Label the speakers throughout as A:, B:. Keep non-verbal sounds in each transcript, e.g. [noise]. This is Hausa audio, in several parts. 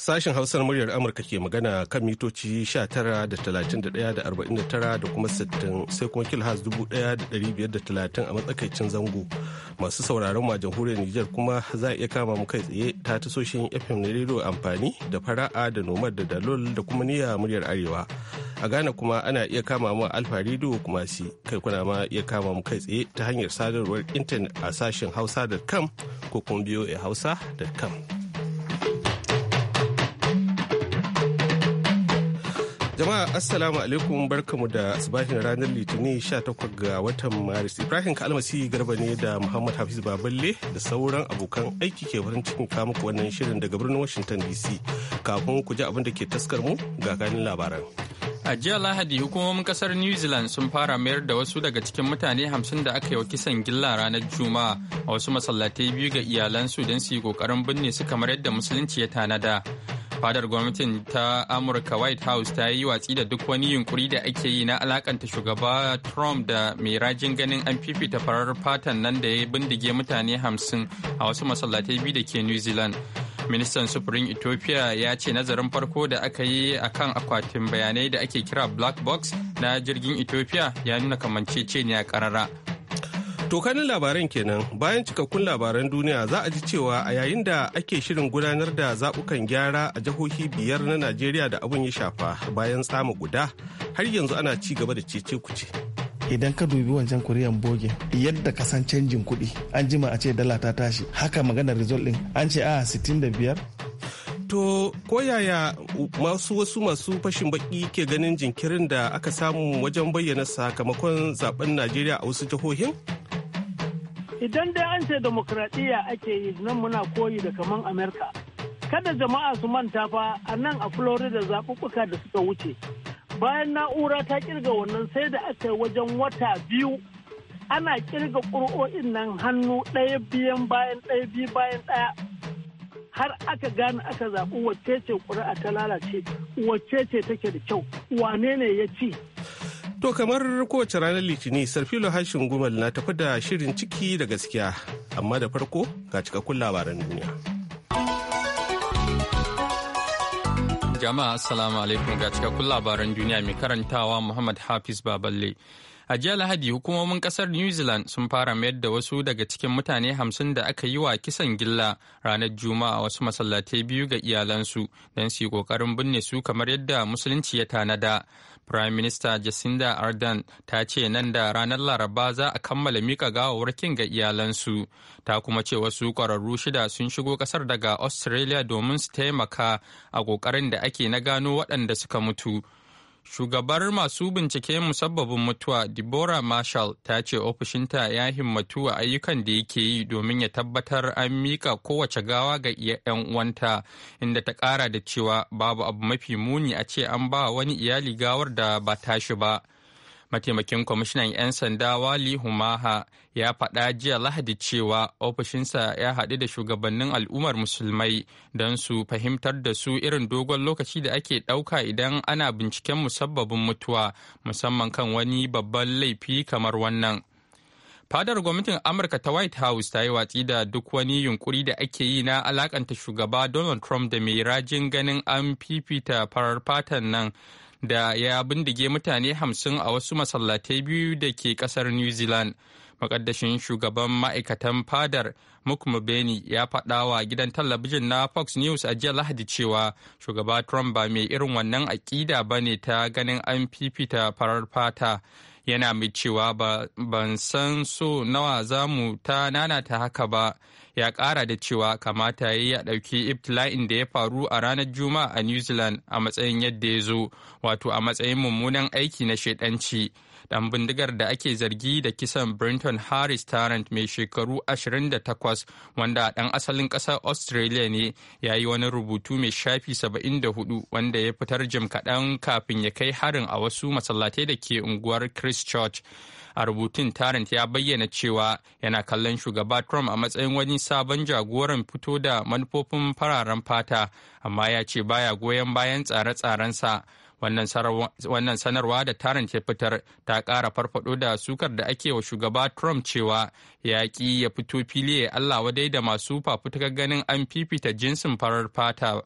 A: Sashen Hausar muryar Amurka ke magana kan mitoci 19 da kuma 60 sai kuma kilhas 1530 a matsakaicin zango. Masu sauraron ma jamhuriyar Nijar kuma za a iya kama mu kai tsaye ta tasoshin FM na rediyo amfani da fara'a da nomad da dalol da kuma niyya muryar Arewa. A Ghana kuma ana iya kama mu Alfa rediyo kuma si kai kuna ma iya kama mu kai tsaye ta hanyar sadarwar intanet a sashen hausa.com ko kuma hausa.com. Jama'a Assalamu alaikum barkamu da asibahin ranar Litinin 18 ga watan Maris. Ibrahim Kalmasi Garba ne da Muhammad Hafiz Baballe da sauran abokan aiki ke farin cikin muku wannan shirin daga birnin Washington DC. Kafin ku ji abin da ke taskar mu ga ganin labaran.
B: A jiya Lahadi hukumomin kasar New Zealand sun fara mayar da wasu daga cikin mutane hamsin da aka yi wa kisan gilla ranar Juma'a a wasu masallatai biyu ga iyalansu don su yi kokarin binne su kamar yadda musulunci ya tanada. fadar gwamnatin ta amurka white house ta yi watsi da duk wani yunkuri da ake yi na alakanta shugaba trump da mai rajin ganin an fifita farar fatan nan da ya bindige mutane hamsin a wasu masallatai biyu da ke new zealand ministan sufurin ethiopia ya ce nazarin farko da aka yi a kan akwatin bayanai da ake kira black box na jirgin ethiopia ya nuna a karara
A: Tokanin labaran kenan bayan cikakkun labaran duniya za a ji cewa a yayin da ake shirin gudanar da zaɓukan gyara a jihohi biyar na Najeriya da abun ya shafa bayan tsama guda har yanzu ana ci gaba da cece kuce.
C: idan ka dubi wancan kuriyan boge yadda ka san canjin kuɗi an jima a ce dala ta tashi haka maganar result din an ce ah, a 65
A: to ko yaya masu wasu masu fashin baki ke ganin jinkirin da aka samu wajen bayyana sakamakon zaben najeriya a wasu jihohin
D: idan dai an ce demokradiyya ake yi nan muna koyi da kaman amerika kada jama'a su manta fa a nan a florida zaɓuɓɓuka da suka wuce bayan na'ura ta kirga wannan sai da aka yi wajen wata biyu ana kirga ƙuri'o'in nan hannu ɗaya biyan bayan ɗaya biyu bayan ɗaya har aka gane aka zaɓi wacce ce ƙuri'a ta lalace wacce ce take da kyau wane ne ya ci To kamar
A: kowace ranar litini sarfilo hashin gumal na tafi da shirin ciki da gaskiya amma da farko ga cikakkun labaran duniya.
B: Jama'a assalamu alaikum ga cikakkun labaran duniya mai karantawa Muhammad Hafiz Baballe. A jiya Lahadi hukumomin kasar New Zealand sun fara mayar da wasu daga cikin mutane hamsin da aka yi wa kisan gilla ranar Juma'a wasu masallatai biyu ga iyalansu don su yi ƙoƙarin binne su kamar yadda Musulunci ya tanada. Prime Minister Jacinda Ardern ta ce nan da ranar Laraba za a kammala mika gawawarkin ga iyalansu. Ta kuma ce wasu ƙwararru shida sun shigo ƙasar daga Australia domin su taimaka a ƙoƙarin da ake na gano waɗanda suka mutu. Shugabar masu bincike musabbabin mutuwa Deborah Marshall ta ce ofishinta ya himmatu a ayyukan da yake yi domin ya tabbatar an mika kowace gawa ga 'yan uwanta inda ta kara da cewa babu abu mafi muni a ce an ba wani iyali gawar da ba tashi ba. mataimakin kwamishinan 'yan sanda wali humaha ya faɗa jiya lahadi cewa ofishinsa ya haɗu da shugabannin al'ummar musulmai don su fahimtar da su irin dogon lokaci da ake ɗauka idan ana binciken musabbabin mutuwa musamman kan wani babban laifi kamar wannan fadar gwamnatin amurka ta white house ta yi watsi da duk wani yunkuri da ake yi na alakanta shugaba donald trump da mai rajin ganin an fifita farar fatan nan da ya bindige mutane hamsin a wasu masallatai biyu da ke kasar new zealand makaddashin shugaban ma'aikatan fadar mukmubeni ya faɗa wa gidan talabijin na fox news a jiya lahadi cewa shugaba trump ba mai irin wannan aƙida ba ne ta ganin an fifita farar fata yana mai cewa ban san so nawa za mu ta nanata haka ba ya kara da cewa kamata ya yi a ɗauki iftila'in da ya faru a ranar juma'a a new zealand a matsayin yadda ya zo wato a matsayin mummunan aiki na shaidanci dan bindigar da ake zargi da kisan brenton harris tarrant mai shekaru 28 wanda dan asalin kasar australia ne ya yi wani rubutu mai shafi 74 wanda ya fitar jim kaɗan kafin ya kai harin a wasu masallatai da ke unguwar christchurch a rubutun tarrant ya bayyana cewa yana kallon shugaba trump a matsayin wani sabon jagoran fito da manufofin fararen fata amma ya ce baya goyon bayan tsare-tsarensa wannan sanarwa da tarin ke fitar ta kara farfado da sukar da ake wa shugaba trump cewa yaƙi ya fito fili ya allah wadai da masu fafutukar ganin an fifita jinsin farar fata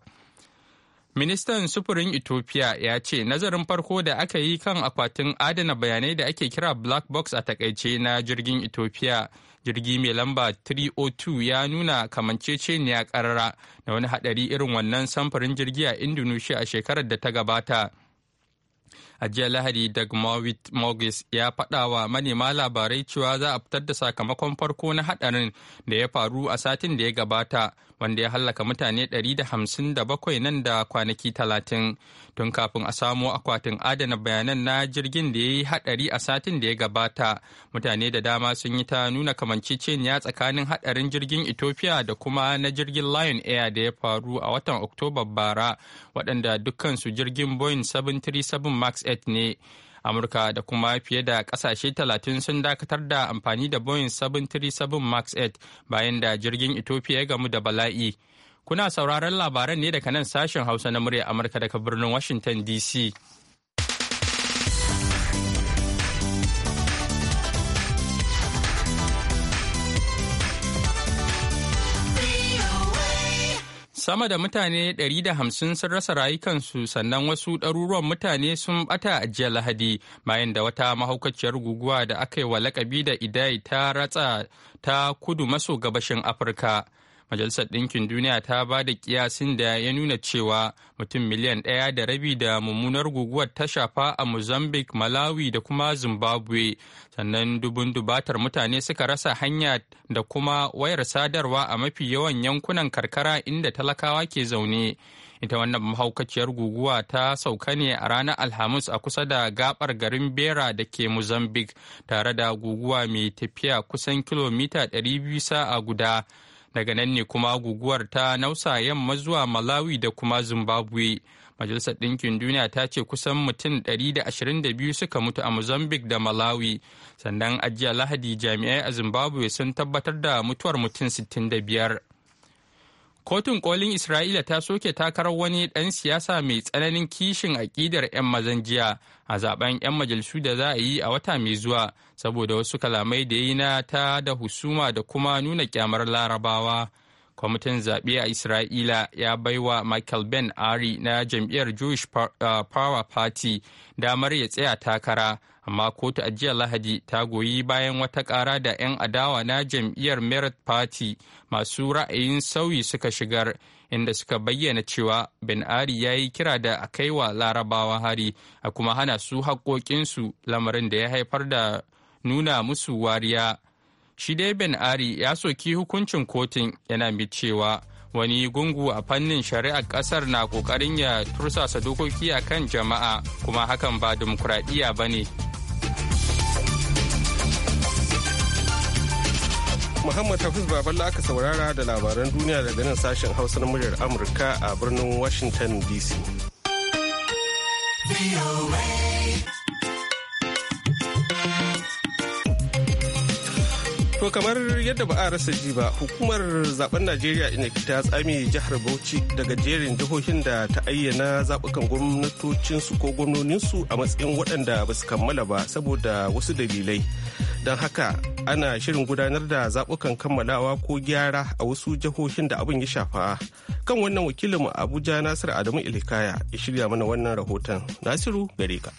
B: ministan sufurin ethiopia ya ce nazarin farko da aka yi kan akwatin adana bayanai da ake kira black box a takaice na jirgin ethiopia jirgi mai lamba 302 ya nuna kamanceceniya karara da wani hadari irin wannan samfurin jirgi a indonesia a shekarar da ta gabata a jiya lahadi mawit morgis ya faɗa manema labarai cewa za a fitar da sakamakon farko na haɗarin da ya faru a satin da ya gabata wanda ya hallaka mutane 157 nan da kwanaki 30 tun kafin a samo akwatin adana bayanan na jirgin da ya yi haɗari a satin da ya gabata mutane da dama sun yi ta nuna kamanceceniya tsakanin haɗarin jirgin ethiopia da kuma na jirgin lion air da ya faru a watan oktoba bara waɗanda dukkansu jirgin boeing 737 max 8 ne amurka da kuma fiye da kasashe 30 sun dakatar da amfani da boeing 737 max 8 bayan da jirgin ethiopia ya gamu da bala'i kuna sauraron labaran ne daga nan sashen hausa na murya amurka daga birnin washington dc Sama da mutane 150 sun rasa rayukansu sannan wasu ɗaruruwan mutane sun ɓata a jiya Lahadi bayan da wata mahaukaciyar guguwa da aka yi wa lakabi da idai ta ratsa ta kudu maso gabashin Afirka. Majalisar Ɗinkin Duniya ta ba da kiyasin da ya nuna cewa mutum miliyan ɗaya da rabi da mummunar guguwar ta shafa a Mozambique, Malawi da kuma Zimbabwe. Sannan dubun dubatar mutane suka rasa hanya da kuma wayar sadarwa a mafi yawan yankunan karkara inda talakawa ke zaune. Ita wannan mahaukaciyar guguwa ta sauka ne a ranar Alhamis a kusa da gabar garin Bera da ke Mozambique tare da guguwa mai tafiya kusan kilomita 200 sa'a guda. daga nan ne kuma guguwar ta nausa yamma zuwa malawi da kuma zimbabwe majalisar ɗinkin duniya ta ce kusan mutum 122 suka mutu a mozambique da malawi sannan ajiya lahadi jami'ai a zimbabwe sun tabbatar da mutuwar mutum 65 Kotun kolin Isra'ila ta soke takarar wani ɗan siyasa mai tsananin kishin aƙidar 'yan mazan jiya a zaben 'yan majalisu da za a yi a wata mai zuwa saboda wasu kalamai da yi na ta da husuma da kuma nuna kyamar larabawa. kwamitin zaɓe a isra'ila ya bai wa michael ben ari na jam'iyyar jewish uh, power party damar ya tsaya takara amma kotu a jiya lahadi ta goyi bayan wata ƙara da 'yan adawa na jam'iyyar merit party masu ra'ayin sauyi suka shigar inda suka bayyana cewa ben ari ya yi kira da a kai wa larabawa hari a kuma hana su haƙoƙinsu lamarin da ya haifar da nuna musu wariya Shi dai Ben Ari ya soki hukuncin kotun yana mai cewa wani gungu a fannin shari'ar kasar na kokarin ya tursasa dokoki a kan jama'a kuma hakan ba dimokuraɗiyya ba ne.
A: Muhammad Hafiz Baballa aka saurara da labaran duniya daga nan sashen Hausa na muryar Amurka a birnin Washington DC. To kamar yadda ba a rasa ji ba, hukumar zaben Najeriya INEC ta tsami jihar Bauchi daga jerin jihohin da ta ayyana zaɓukan gwamnatocinsu ko gwamnoninsu a matsayin waɗanda ba su kammala ba saboda wasu dalilai. Don haka ana shirin gudanar da zaɓukan kammalawa ko gyara a wasu jihohin da abin ya shafa. Kan wannan wakilinmu Abuja Nasir Adamu Ilikaya ya
E: shirya mana wannan rahoton. Nasiru gare ka.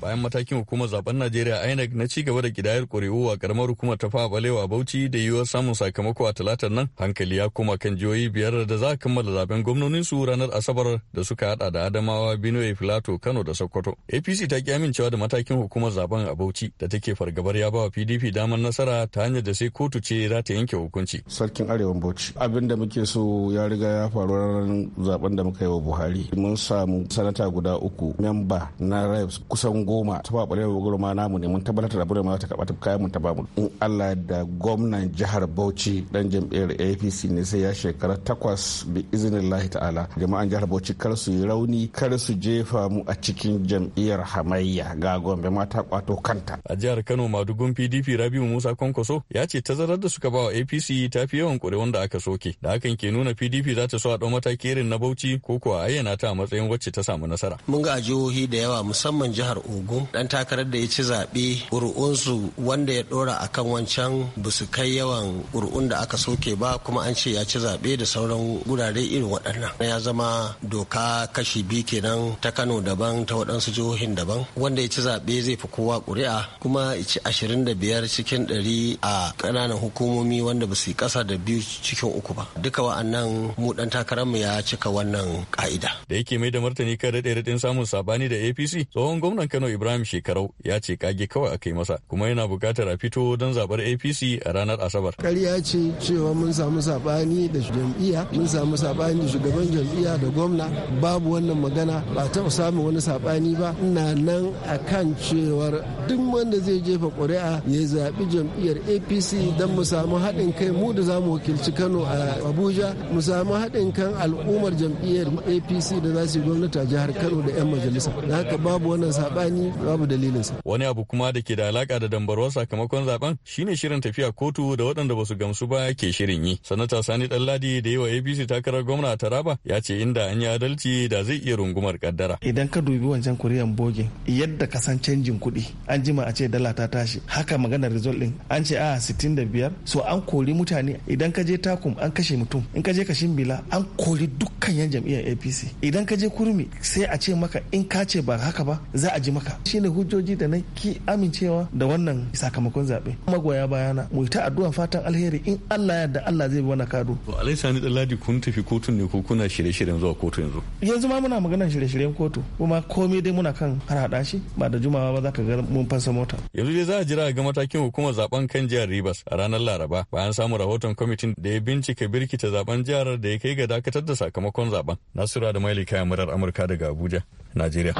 E: bayan matakin hukumar zaben Najeriya INEC na ci gaba da kidayar ƙuri'u a karamar hukumar ta fa balewa Bauchi da yiwuwar samun sakamako a talatar nan hankali ya koma kan jihohi biyar da za a kammala zaben gwamnonin su ranar Asabar da suka hada da Adamawa, Benue, Filato, Kano da Sokoto. APC ta ki amincewa da matakin hukumar zaben a Bauchi da take fargabar ya ba PDP damar nasara ta hanyar da sai kotu ce za ta yanke hukunci. Sarkin
A: Arewan Bauchi abin da muke so ya riga ya faru ranar zaben da muka yi wa Buhari mun samu sanata guda uku memba na rives kusan goma ta ba ɓarewa ma namu ne mun tabbatar da ma za ta karɓa ta kayan mun ta mu. in Allah da gwamnan jihar Bauchi dan jam'iyyar APC ne sai ya shekara takwas bi izinin lahi ta'ala jama'an jihar Bauchi kar su yi rauni kar su jefa mu a cikin jam'iyyar hamayya ga Gombe ma ta kwato kanta
E: a jihar Kano madugun PDP Rabiu Musa Kwankwaso ya ce tazarar da suka ba wa APC ta fi yawan ƙuri'un wanda aka soke da hakan ke nuna PDP za ta so a ɗau mataki irin na Bauchi ko kuwa a ayyana ta a matsayin wacce ta samu nasara
A: mun ga a jihohi da yawa musamman jihar ogun dan takarar da ya ci zaɓe ƙuri'unsu wanda ya ɗora a kan wancan ba su kai yawan ƙuri'un da aka soke ba kuma an ce ya ci zaɓe da sauran gurare irin waɗannan ya zama doka kashi biyu kenan ta kano daban ta waɗansu jihohin daban wanda ya ci zaɓe zai fi kowa ƙuri'a kuma ya ci ashirin da biyar cikin ɗari a ƙananan hukumomi wanda ba su yi ƙasa da biyu cikin uku ba
E: duka wa'annan mu ɗan mu ya cika wannan ƙa'ida da yake mai da martani kan raɗe-raɗin samun sabani da apc tsohon gwamnan kano Kano Ibrahim Shekarau ya ce kage kawai aka yi masa kuma yana buƙatar a fito don zaɓar APC a ranar Asabar.
C: Ƙarya ce cewa mun samu saɓani da jam'iyya, mun samu saɓani da shugaban jam'iyya da gwamna babu wannan magana ba taɓa samun wani saɓani ba. Ina nan a kan cewar duk wanda zai jefa ƙuri'a ya zaɓi jam'iyyar APC don mu samu haɗin kai mu da zamu wakilci Kano a Abuja mu samu haɗin kan al'ummar jam'iyyar APC da za su yi gwamnati a jihar Kano da 'yan majalisa. Da haka babu wannan saɓani mu babu sa.
E: Wani abu kuma da ke da alaka da dambarwar sakamakon zaben shine shirin tafiya kotu da waɗanda basu gamsu ba ke shirin yi. Sanata Sani Ɗanladi da yi wa APC takarar gwamna Taraba ya ce inda an yi adalci da zai iya rungumar kaddara.
C: Idan ka dubi wancan kuriyan boge yadda ka san canjin kuɗi an jima a ce dala ta tashi haka maganar result din an ce a ah, sittin da biyar so an kori mutane idan ka je takum an kashe mutum in ka je kashin bila an kori dukkan yan jam'iyyar APC idan ka je kurmi sai a ce maka in ka ce ba haka ba za a ji maka haka shine hujjoji da na ki amincewa da wannan sakamakon zaɓe magoya bayana mu ta addu'an fatan alheri in Allah ya da Allah zai bi wani kado
E: to alaisa ni dalladi kun tafi kotun ne ko kuna shirye-shiryen zuwa kotu yanzu
C: yanzu ma muna maganar shirye-shiryen kotu kuma komai dai muna kan harhaɗa shi ba da jumawa ba za ka ga mun fasa mota
E: yanzu dai za a jira a ga matakin hukumar zaben kan jihar Rivers a ranar Laraba bayan samun rahoton kwamitin da ya bincika birkita zaben jihar da ya kai ga dakatar da sakamakon zaben Nasura da Mailika murar Amurka daga Abuja Najeriya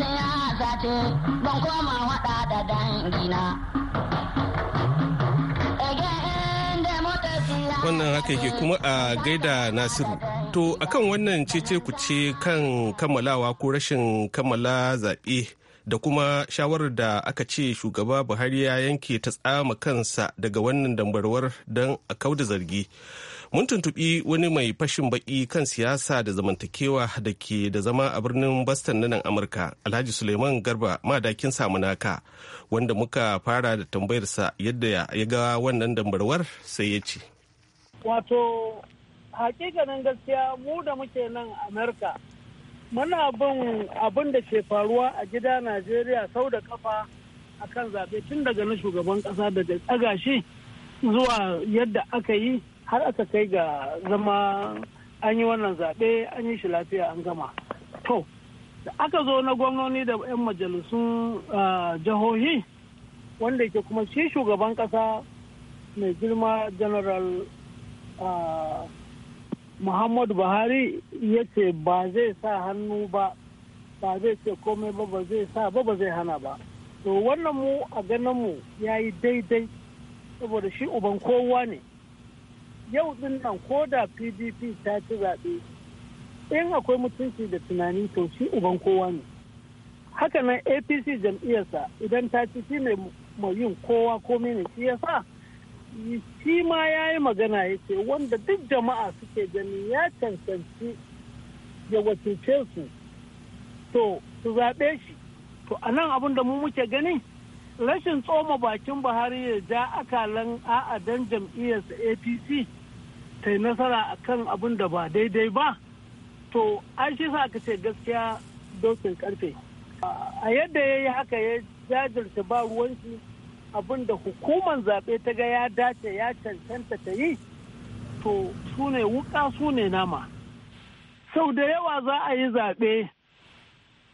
D: ya ce ban koma
F: da dangina.
A: Wannan haka yake kuma a gaida Nasiru. To akan wannan cece ku ce kan kammalawa ko rashin kammala zaɓe da kuma shawarar da aka ce shugaba Buhari ya yanke ta tsama kansa daga wannan dambarwar don a kauda zargi. mun tuntubi wani mai fashin baki kan siyasa da zamantakewa da ke da zama a birnin boston na nan amurka alhaji suleiman garba madakin samunaka wanda muka fara da tambayarsa yadda ya ga wannan dambarwar sai ya ce
D: wato hakikanin gaskiya mu da muke nan amurka muna bin abin da ke faruwa a gida najeriya sau da kafa akan zaɓe tun daga na shugaban ƙasa daga tsaga zuwa yadda aka yi har aka kai ga zama an yi wannan zaɓe an yi shi lafiya an gama to da aka zo na gwamnoni da 'yan majalisun jihohi wanda ke kuma shi shugaban ƙasa mai girma general muhammadu buhari ya ce ba zai sa hannu ba ba zai ce komai ba ba zai sa ba ba zai hana ba to wannan mu a ganin mu ya yi daidai saboda shi uban kowa ne yau din nan ko da pdp ta ci zaɓe in akwai mutunci da tunani to shi uban kowa ne haka nan apc jam'iyyarsa idan ta ci shi ne mai yin kowa komai ne shi yasa shi ma ya yi magana ya ce wanda duk jama'a suke gani ya cancanci ya wakilce su to su zaɓe shi to a nan abin da mu muke gani rashin tsoma bakin buhari ya ja akalan a'a dan jam'iyyarsa apc ta yi nasara a kan abin da ba daidai ba to an shi sa ka ce gaskiya dokin karfe a yadda ya yi haka ya jajirce ba ruwanci abin da hukumar zaɓe ta ga ya dace ya cancanta ta yi to su ne wuka su ne nama sau da yawa za a yi zaɓe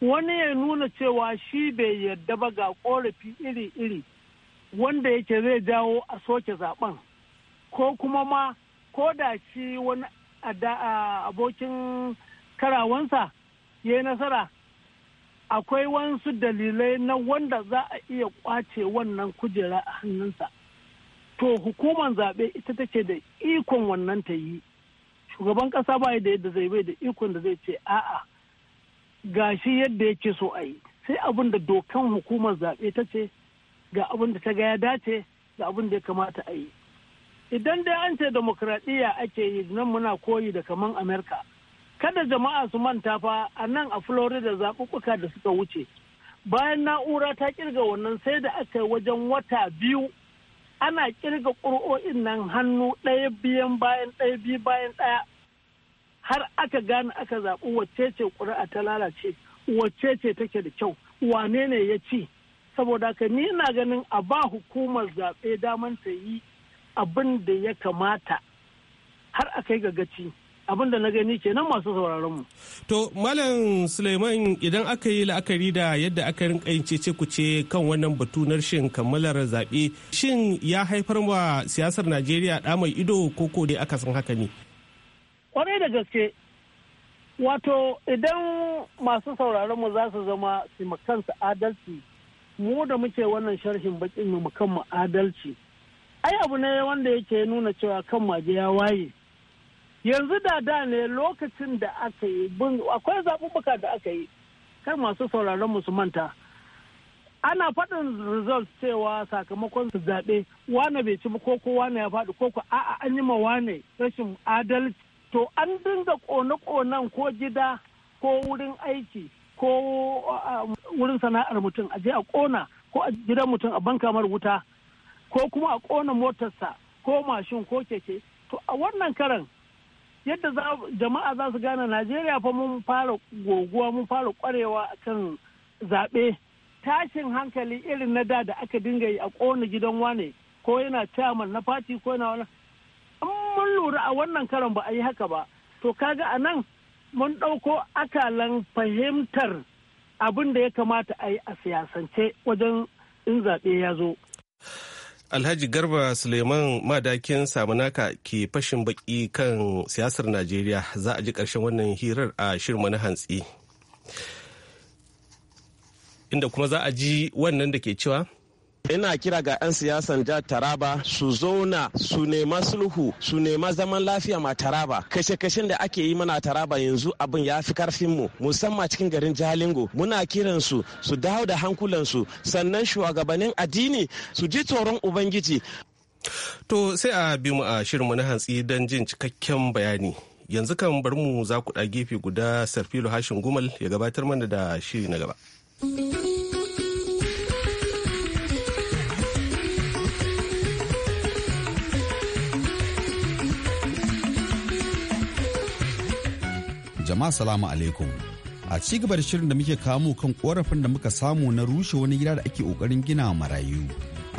D: wani ya nuna cewa shi bai yarda ba ga korafi iri-iri wanda yake zai jawo a soke zaben ko kuma ma ko da shi wani abokin karawansa ya yi nasara akwai wasu dalilai na wanda za a iya kwace wannan kujera a hannunsa to hukumar zaɓe ita take da ikon wannan ta yi shugaban ƙasa ba da yadda zai bai da ikon da zai ce a'a ga shi yadda yake so a yi sai abin da dokan hukumar zaɓe ta ce ga abin da ta ga ya dace ga abin da ya kamata a yi idan dai an ce demokradiyya ake yi nan muna koyi da kaman amerika kada jama'a su manta fa a nan a florida zaɓuɓɓuka da suka wuce bayan na'ura ta kirga wannan sai da aka yi wajen wata biyu ana kirga ƙuri'o'in nan hannu ɗaya biyan bayan ɗaya biyu bayan ɗaya har aka gane aka zaɓi wacce ce ƙuri'a ta lalace wacce ce take da kyau wane ne ya ci saboda ka ni na ganin a ba hukumar zaɓe daman ta yi abin da ya kamata har aka yi gagaci abin da na gani kenan masu sauraron mu. To
A: Malam Suleiman idan aka yi la'akari da yadda aka rinka yin cece kuce kan wannan batu na shin kammalar zaɓe shin ya haifar wa siyasar Najeriya ɗa mai ido ko ko dai aka san haka ne?
D: kwarai da gaske wato idan masu sauraron mu za su zama su kansu adalci mu da muke wannan sharhin bakin mu kanmu adalci ai abu ne wanda yake nuna cewa kan maje ya waye yanzu da da ne lokacin da aka yi akwai zaɓuɓɓuka da aka yi kan masu sauraron mu su manta ana faɗin result cewa sakamakon su zaɓe wane bai ci ba ko ko wane ya faɗi ko ko a'a an yi ma wane rashin adalci to an dinga kone-konen ko gida ko wurin aiki ko um, wurin sana'ar mutum a je a kona ko a gidan mutum a banka mar wuta ko kuma a kona motarsa ko mashin ko keke to a wannan karan yadda jama'a za su gane najeriya fa mun fara goguwa mun fara kwarewa kan zaɓe tashin hankali irin na da da aka dinga yi a kona gidan wane ko yana chairman na fati ko yana wani lura a wannan karon ba a yi haka ba to kaga a nan mun ɗauko akalan fahimtar abin da ya kamata a yi a siyasance wajen in zaɓe ya zo
A: alhaji garba suleiman madakin samunaka ke fashin baki kan siyasar najeriya za a ji ƙarshen wannan hirar a shirma na hantsi inda kuma za a ji wannan da ke cewa yana kira ga 'yan siyasan jihar taraba su zauna su nema sulhu su nema zaman lafiya ma taraba kashe-kashen da ake yi mana taraba yanzu abin ya fi karfin mu musamman cikin garin jalingo muna kiran su su dawo da hankulansu sannan shugabannin addini su ji tsoron ubangiji to sai a bi mu a shirinmu na hantsi don jin cikakken bayani yanzu kan bar mu za ku gefe guda sarfilo hashin gumal ya gabatar mana da shiri na gaba.
F: jama'a salamu alaikum a ci gaba da shirin da muke kamo kan korafin da muka samu na rushe wani gida da ake kokarin gina marayu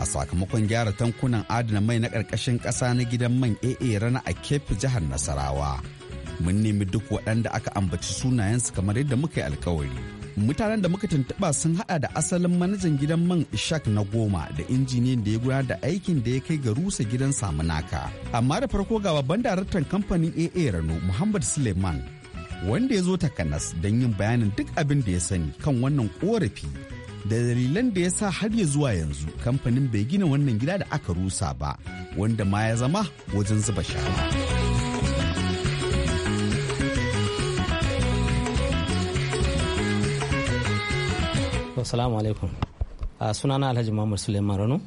F: a sakamakon gyara tankunan adana mai na karkashin kasa na gidan man AA rana a kefi jihar Nasarawa mun nemi duk waɗanda aka ambaci sunayensu kamar yadda muka yi alkawari mutanen da muka tuntuɓa sun haɗa da asalin manajan gidan man ishak na goma da injiniyan da ya gudanar da aikin da ya kai ga rusa gidan samunaka amma da farko ga babban daraktan kamfanin aa rano muhammad suleiman wanda ya zo takanas don yin bayanin duk abin da ya sani kan wannan korafi da dalilan da ya sa har ya zuwa yanzu kamfanin bai gina wannan gida da aka rusa ba wanda ma ya zama wajen zuba shara.
G: Assalamu alaikum. sunana Alhaji Muhammad Suleiman Rano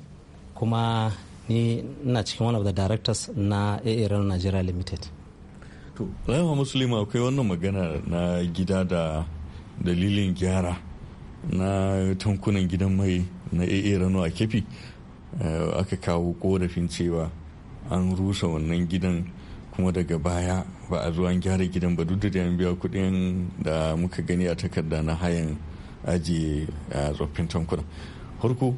G: kuma ni ina cikin one of the directors na AA Rano Nigeria Limited.
E: to rama musulma akwai wannan magana na gida da dalilin gyara na tankunan gidan mai na AA rano a kefi eh, aka kawo korafin cewa an rusa wannan gidan kuma daga baya ba a zuwa gyara gidan ba duk da an biya kudin da muka gani a takarda na hayan ajiye a eh, tsoffin tankuna harko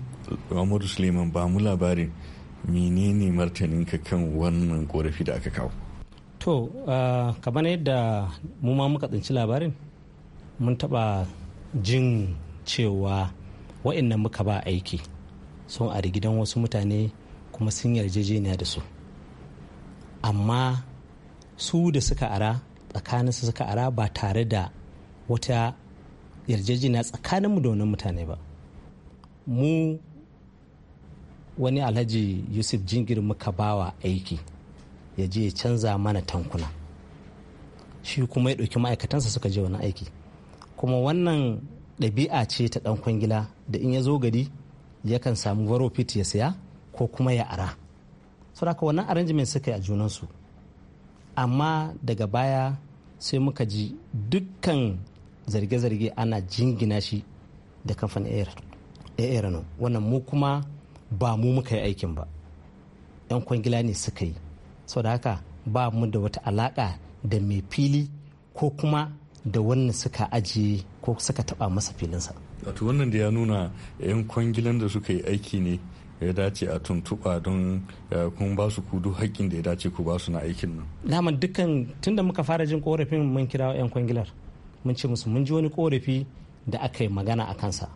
E: amadu suleiman ba mu labarin menene martaninka kan wannan korafi da aka kawo
G: to ah, kamar yadda mu ma muka tsinci labarin mun taba jin cewa wa'annan muka ba aiki sun a gidan wasu mutane kuma sun yarjejeniya da su amma su da suka ara tsakanin su suka ara ba tare da wata yarjejeniya mu da wani mutane ba mu wani alhaji yusuf jingir muka bawa aiki ya je ya canza mana tankuna shi kuma ya ɗauki ma'aikatansa suka je wani aiki kuma wannan ɗabi'a ce ta ɗan kwangila da in ya zo gari yakan samu varofit ya saya ko kuma ya ara saboda wannan arrangement suka yi a junansu amma daga baya sai muka ji dukkan zarge-zarge ana jingina shi da kamfanin air wannan mu kuma ba mu muka yi aikin ba 'yan kwangila ne suka yi sau da haka ba mu da wata alaka da mai fili ko kuma da wannan suka ajiye ko suka taba masa filinsa
E: wato wannan da ya nuna 'yan kwangilan da suka yi aiki ne ya dace a tuntuɓa don eh, kun ba su kudu haƙƙin da ya dace ku ba su na aikin nan.
G: Daman dukkan tunda muka fara jin korafin mun kira 'yan kwangilar mun ce musu mun ji wani korafi da aka yi magana a kansa.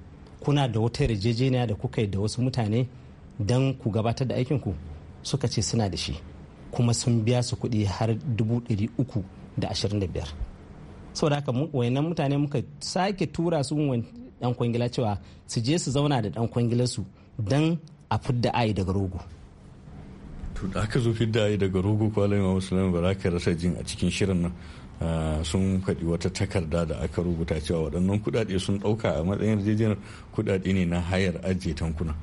G: Kuna da wata yarjejeniya da kuka yi da wasu mutane don ku gabatar da aikin ku suka ce suna da shi. kuma sun biya su kuɗi har dubu ɗari da ashirin da biyar saboda haka wayannan mutane muka sake tura su ɗan kwangila cewa su je su zauna da ɗan kwangilar su don a fidda ayi daga rogo
E: to da aka zo fidda ayi daga rogo kwalayin wa musulmi ba za rasa jin a cikin shirin nan sun faɗi wata takarda da aka rubuta cewa waɗannan kuɗaɗe sun ɗauka a matsayin rijiyar kuɗaɗe ne na hayar ajiye tankuna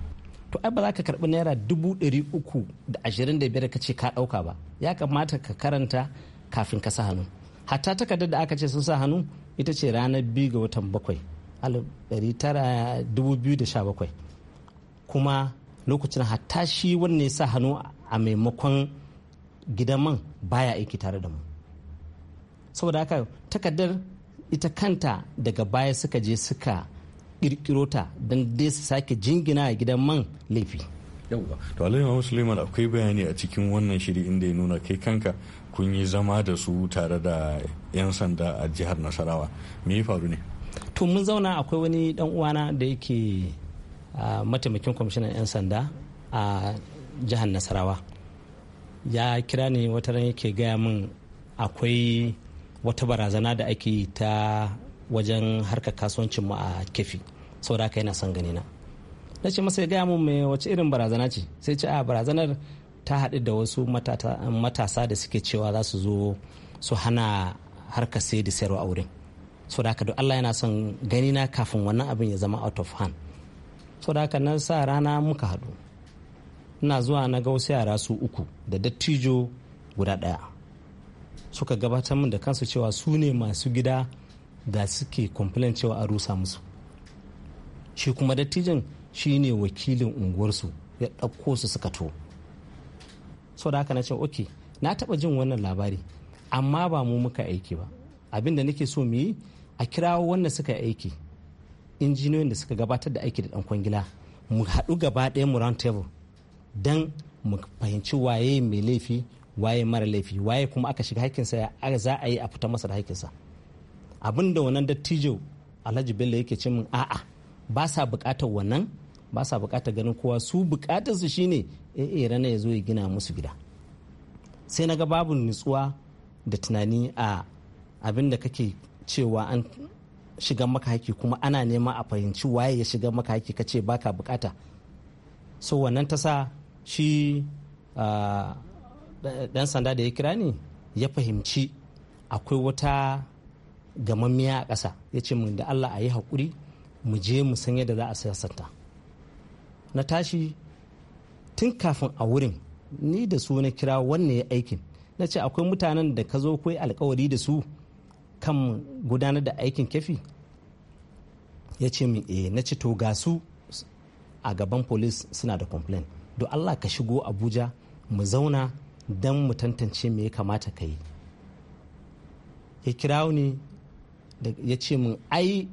G: to ai ba za ka karɓi naira dubu ɗari uku da ashirin da biyar ka ce ka ɗauka ba ya kamata ka karanta kafin ka sa hannu hatta takardar da aka ce sun sa hannu ita ce ranar biyu ga watan bakwai alif tara dubu biyu da sha bakwai kuma lokacin hatta shi wanne ya sa hannu a maimakon gidan man baya aiki tare da mu saboda haka takardar ita kanta daga baya suka je suka kirkiro ta don dai su sake jingina a gidan man laifi
E: yauwa to alaiwa akwai bayani a cikin wannan shiri inda ya nuna kai kanka kun yi zama da su tare da 'yan sanda a jihar nasarawa me ya faru ne
G: to mun zauna akwai wani dan uwana da yake mataimakin kwamishinan 'yan sanda a jihar nasarawa ya kira ni wata ran yake gaya min akwai wata barazana da ake ta wajen harkar kasuwancin mu a kefi saboda haka yana son gani na ce masa ya gaya mun mai wace irin barazana ce sai ce a barazanar ta haɗu da wasu matasa da suke cewa za su zo su hana harkar sai da sayarwa wurin. so da haka duk Allah yana son gani na kafin wannan abin ya zama out of hand so da haka nan sa rana muka haɗu ina zuwa na ga wasu yara su uku da dattijo guda ɗaya suka gabatar min da kansu cewa su ne masu gida da suke complain cewa a rusa musu shi kuma dattijan shi ne wakilin unguwarsu ya ɗauko su suka to so da haka na ce ok na taɓa jin wannan labari amma ba mu muka aiki ba abin da nake so mu yi a kirawo wannan suka aiki injiniyoyin da suka gabatar da aiki da ɗan kwangila mu haɗu gaba ɗaya mu round table don mu fahimci waye mai laifi waye mara laifi waye kuma aka shiga haƙƙinsa za a yi a fita masa da haƙƙinsa abin da wannan dattijo alhaji bello yake ce min a'a ba sa bukatar wannan ba sa bukatar ganin kowa su bukatar su shine eh rana ya zo ya gina musu gida sai na ga babu nutsuwa da tunani a abin da kake cewa an shiga maka haki kuma ana nema a fahimci waye ya shiga maka haki kace baka bukata so wannan ta sa shi dan sanda da ya kira ni ya fahimci akwai wata gamammiya a ƙasa ya ce da allah a yi haƙuri mu je mu san yadda za a sassanta na tashi tun kafin a wurin ni da su na kira wannan ya aikin na ce akwai mutanen da ka zo kai alkawari da su kan gudanar da aikin kafi ya ce min eh na ce to ga su a gaban polis suna da complain do allah ka shigo abuja mu zauna don mu tantance me ya kamata ka yi ya kirawo ni ya ce min ai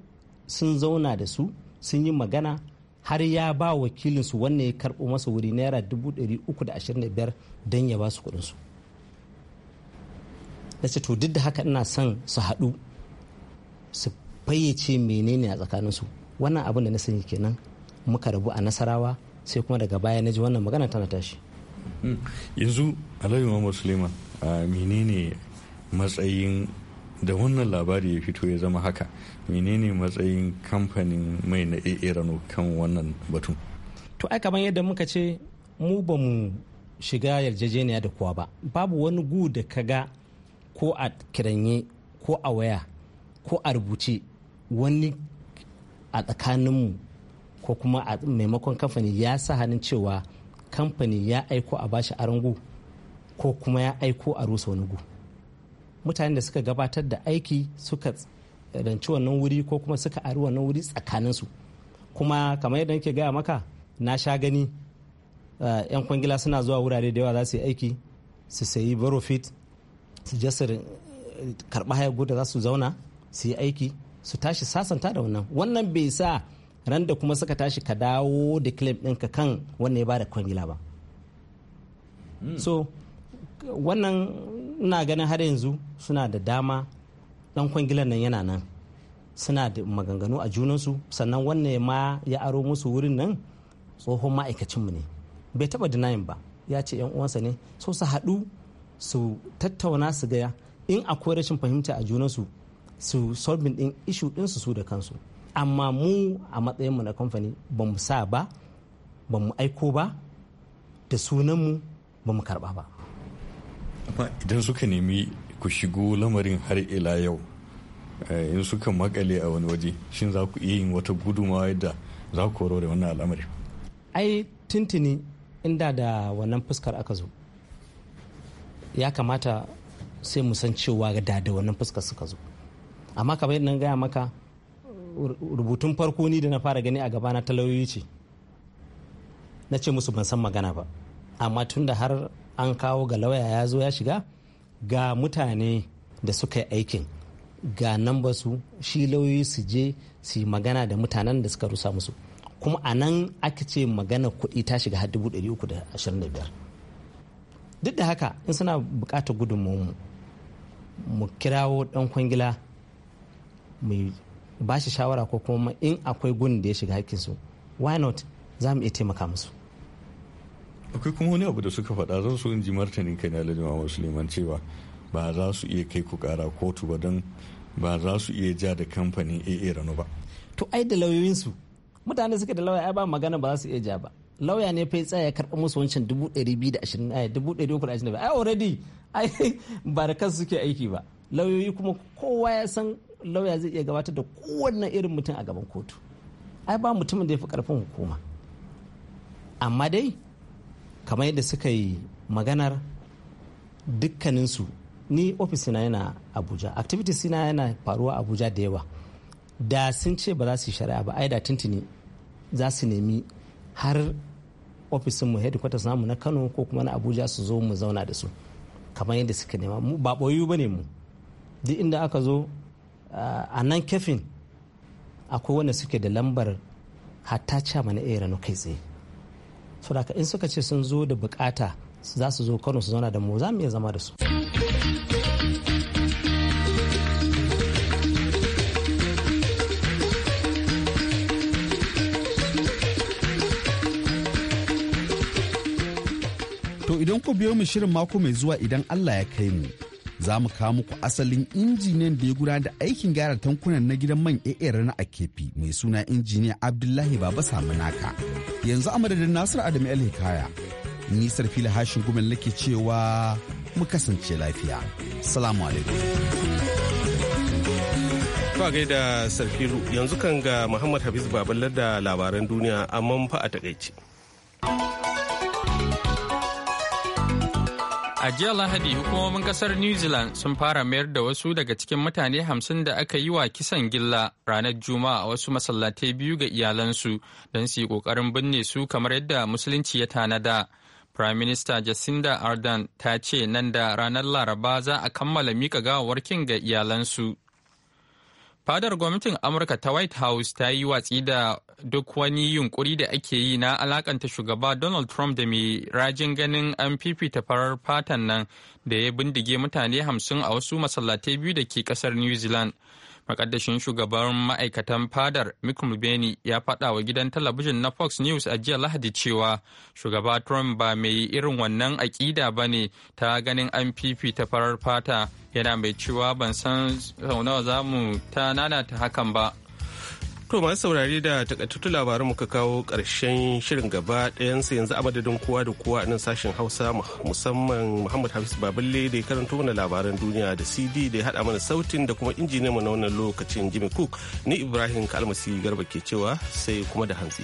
G: sun zauna da su sun yi magana har ya ba wakilinsu wannan ya karɓo masa wuri naira 325 don ya ba su kuɗinsu na ce to duk da haka ina son su haɗu su fayyace menene a tsakaninsu wannan abin da na sani kenan muka rabu a nasarawa sai kuma daga baya na ji wannan magana tana tashi
E: hmm. yanzu alayyuma musulman menene matsayin da wannan labari ya fito ya zama haka menene matsayin kamfanin mai na irano kan wannan batun to
G: ai kamar yadda muka ce mu ba mu shiga yarjejeniya da kowa ba babu wani gu da ka ga ko a kiranye ko a waya ko a rubuce wani a tsakaninmu ko kuma a maimakon kamfani ya sa hannun cewa kamfani ya aiko a bashi arangu ko kuma ya aiko a rusa wani gu Mutane da suka gabatar da aiki suka ranci wannan wuri ko kuma suka ari wannan wuri tsakaninsu kuma kamar yadda nake gaya maka na sha gani eh, yan kwangila suna zuwa wurare da yawa za su yi aiki su sayi barofit su je su eh, karɓa haya da za su zauna su yi aiki su tashi sasanta da wannan wannan bai sa ran da kuma suka tashi ka dawo da claim ɗinka kan wannan ya bada kwangila ba hmm. so wannan ina ganin har yanzu suna da dama dan kwangilan nan yana nan suna da maganganu a junansu sannan wannan ma ya aro musu wurin nan tsohon ma'aikacinmu ne bai taba dinayin ba ya ce yan uwansa ne so su haɗu su tattauna su gaya in akwai rashin fahimta a junansu su solving din ishu din su da kansu amma mu a matsayinmu na kamfani ba mu sa ba ba mu aiko ba da sunanmu ba mu karɓa ba
E: amma idan suka nemi ku shigo lamarin har ila yau eh, in suka makale a wani waje shin za ku iya yin wata gudumawa yadda za ku horo da wannan al'amari
G: ai tuntuni inda da wannan fuskar aka zo ya kamata sai mu san cewa da da wannan fuskar suka zo amma kamar yadda gaya maka rubutun farko ni da na fara gani a gabana talauyoyi ce na ce musu ban san magana ba amma tun da har an kawo ga lauya ya zo ya shiga ga mutane da suka yi aikin ga nan ba su shi lauyoyi su je su yi magana da mutanen da suka rusa musu kuma a nan aka ce magana kuɗi ta shiga har dubu da biyar. duk da haka in suna buƙatar gudunmu mu kirawo ɗan kwangila mu ba shi shawara ko kuma in akwai gun da ya shiga hakkinsu why not za mu iya taimaka
E: musu akwai kuma wani abu da suka faɗa zan so in ji martanin kai na alhaji muhammad suleiman cewa ba za su iya kai ku kara kotu ba don ba za su iya ja da kamfanin aa rano ba
G: to ai da lauyoyinsu mutane suka da lauya ai ba magana ba za su iya ja ba lauya ne fa tsaya ya musu wancan dubu ɗari biyu da ashirin ai dubu ɗari uku da ashirin ai already ai [laughs] ba da kansu suke aiki ba lauyoyi kuma kowa ya san lauya zai iya gabatar da kowanne irin mutum a gaban kotu ai ba mutumin da ya fi karfin hukuma amma dai kamar yadda suka yi maganar dukkaninsu ni ofisina yana abuja activities na yana faruwa abuja da yawa da sun ce ba za su yi shari'a ba ai da tuntuni za su nemi har ofisin mu headquarters namu na kano ko kuma na abuja su zo mu zauna da su kamar yadda suka nema mu ba boyu ba ne mu duk inda aka zo a nan kefin akwai wanda suke da lambar hatta ca mana era no kai tsaye saboda in suka ce sun zo da bukata za su zo kano su zauna da mu za mu iya zama da su
F: To idan ku biyo mu shirin mako mai zuwa idan Allah ya kai mu, za mu kawo muku asalin injiniyan da ya gudanar da aikin gyara tankunan na gidan man AR na Akefi mai suna injiniya Abdullahi Baba Samunaka. yanzu a madadin Nasiru Adamu El Hikaya. Nisar fili hashin gumin nake cewa mu kasance lafiya. Salamu alaikum.
A: gai da Sarfilu yanzu kan ga Muhammad Hafiz Babalar da labaran duniya amma fa a takaice.
B: A jiya Lahadi hukumomin kasar New Zealand sun fara mayar da wasu daga cikin mutane hamsin da aka yi wa kisan gilla ranar Juma'a a wasu masallatai biyu ga iyalansu don su yi ƙoƙarin binne su kamar yadda Musulunci ya tanada. Prime Minister Jacinda Ardern ta ce nan da ranar Laraba za a kammala miƙa warkin ga iyalansu. Fadar gwamnatin Amurka ta White House ta yi watsi da duk wani yunkuri da ake yi na alakanta shugaba Donald Trump da mai rajin ganin an fifita farar fatan nan da ya bindige mutane hamsin a wasu masallatai biyu da ke kasar New Zealand. Makaddashin shugaban ma'aikatan fadar Mick Mulvaney ya faɗa wa gidan talabijin na Fox News a jiya Lahadi cewa shugaba Trump ba mai irin wannan aƙida ba ne ta ganin an fifita farar fata yana mai cewa ban san sau nawa za mu ta nanata hakan ba.
A: To masu saurari da takaitattun labarin muka kawo ƙarshen shirin gaba ɗayansa yanzu a madadin kowa da kowa nan sashen Hausa musamman Muhammad Hafiz Baballe da ya karanto mana labaran duniya da CD da ya haɗa mana sautin da kuma injiniya mu na wannan lokacin Jimmy Cook ni Ibrahim Kalmasi Garba ke cewa sai kuma da hantsi.